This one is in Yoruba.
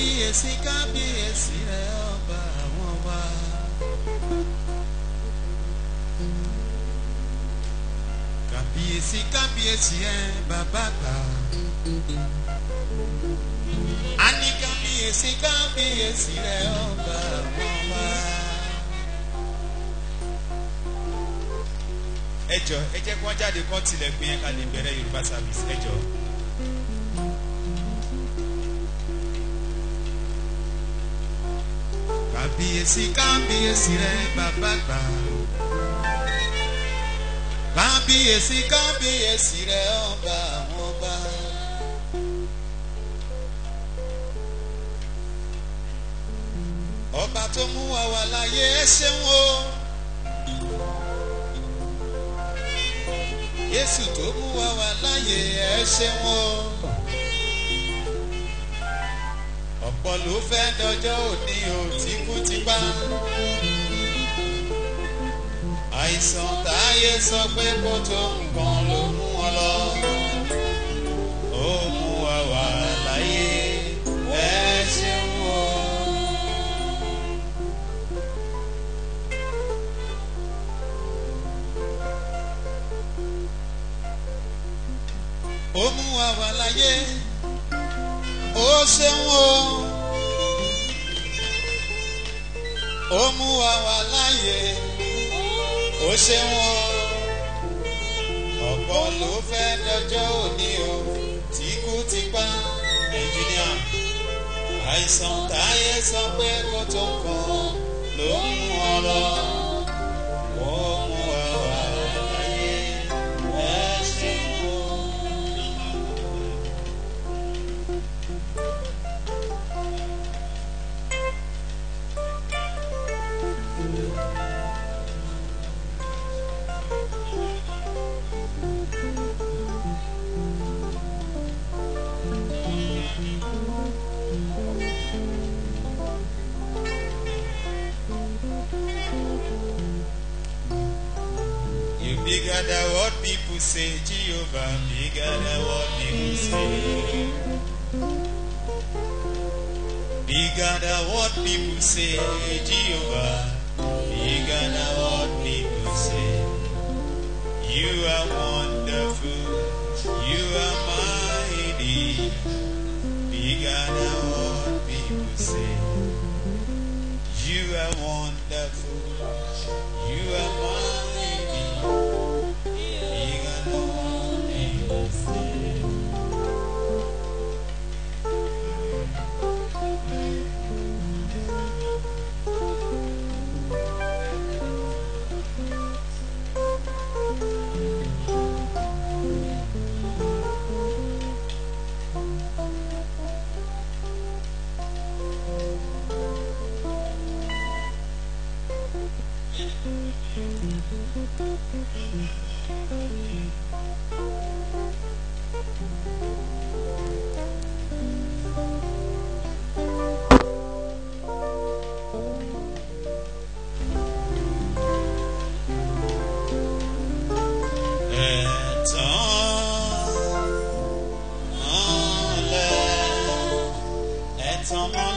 kábíyèsí kábíyèsí rẹ ọba àwọn ọba. kábíyèsí kábíyèsí ẹ bàbá gbà. a ní kábíyèsí kábíyèsí rẹ ọba àwọn ọba. ẹ jọ ẹ jẹ́ kí wọ́n jáde kán tilẹ̀kùn yẹn ká bẹ̀rẹ̀ Yorùbá service ẹ jọ. kábíyèsí kábíyèsí rẹ bàbá gbà kábíyèsí kábíyèsí rẹ ọba àwọn ọba. ọba tó mú wa wà láyé ẹ ṣeun o. Jésù tó mú wa wà láyé ẹ ṣeun o. ọ̀pọ̀ ló fẹ́ dọjọ́ òní ò tí kú ti pa. àìsàn táyé sọ pé kó tó nǹkan ló mú wọn lọ. ó mú wa wà láyé ẹ ṣeun o. ó mú wa wà láyé ó ṣeun o. ó mú wa wá láyè ó ṣe wọn ọ̀pọ̀ ló fẹ́ lọ́jọ́ òní o tí kú ti pa ẹ̀jìnìà àìsàn táyé sọ pé kó tó kàn ló ń wọ́n lọ. bigger than what people say, Jehovah, bigger than what people say. Bigger than what people say, Jehovah, bigger than what people say. You are wonderful, you are mighty, bigger than what people say. You are wonderful. someone.